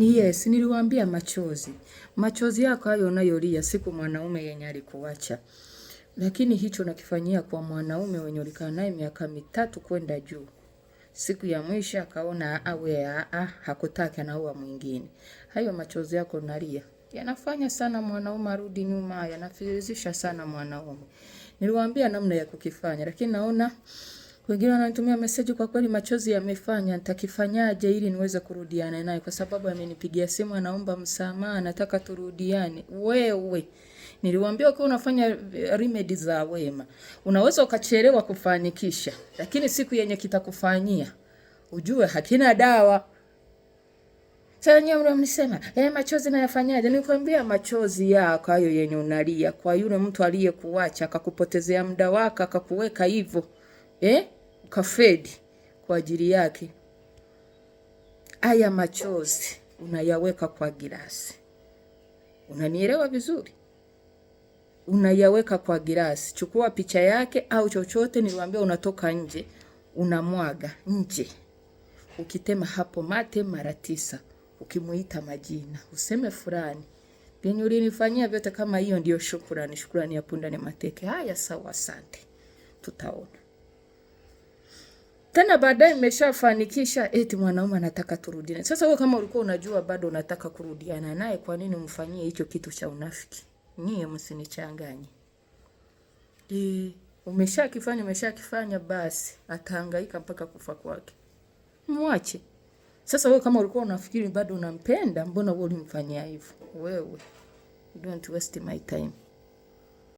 Ni yes, niliwaambia machozi. Machozi yako hayo unayolia siku mwanaume yenye alikuacha. Lakini hicho nakifanyia kwa mwanaume wenye ulikaa naye miaka mitatu kwenda juu. Siku ya mwisho akaona awe a hakutaki, anaua mwingine. Hayo machozi yako unalia yanafanya sana mwanaume arudi nyuma, yanafizisha sana mwanaume. Niliwaambia namna ya kukifanya, lakini naona wengine wananitumia meseji, kwa kweli machozi yamefanya, nitakifanyaje ili niweze kurudiana naye, kwa sababu amenipigia simu, anaomba msamaha, anataka turudiane. Wewe niliwaambia ukiwa unafanya remedy za wema unaweza ukachelewa kufanikisha, lakini siku yenye kitakufanyia ujue hakina dawa. Sasa nyewe mnamsema eh, machozi nayafanyaje? Nikwambia machozi yako hayo yenye unalia kwa yule mtu aliyekuacha akakupotezea muda wako akakuweka hivyo eh kafedi kwa ajili yake. Haya machozi unayaweka kwa girasi, unanielewa vizuri? Unayaweka kwa girasi, chukua picha yake au chochote. Niliwaambia unatoka nje, unamwaga nje, ukitema hapo mate mara tisa, ukimuita majina, useme fulani vyenye ulinifanyia vyote. Kama hiyo ndio shukurani, shukurani ya punda ni mateke. Haya, sawa, asante, tutaona. Tena baadaye mmeshafanikisha eti mwanaume anataka turudiane. Sasa wewe kama ulikuwa unajua bado unataka kurudiana naye, kwa nini umfanyie hicho kitu cha unafiki? Nyie msinichanganye. Eh, umeshakifanya umeshakifanya, basi atahangaika mpaka kufa kwake, mwache. Sasa wewe kama ulikuwa unafikiri bado unampenda, mbona wewe ulimfanyia hivyo? Wewe, don't waste my time.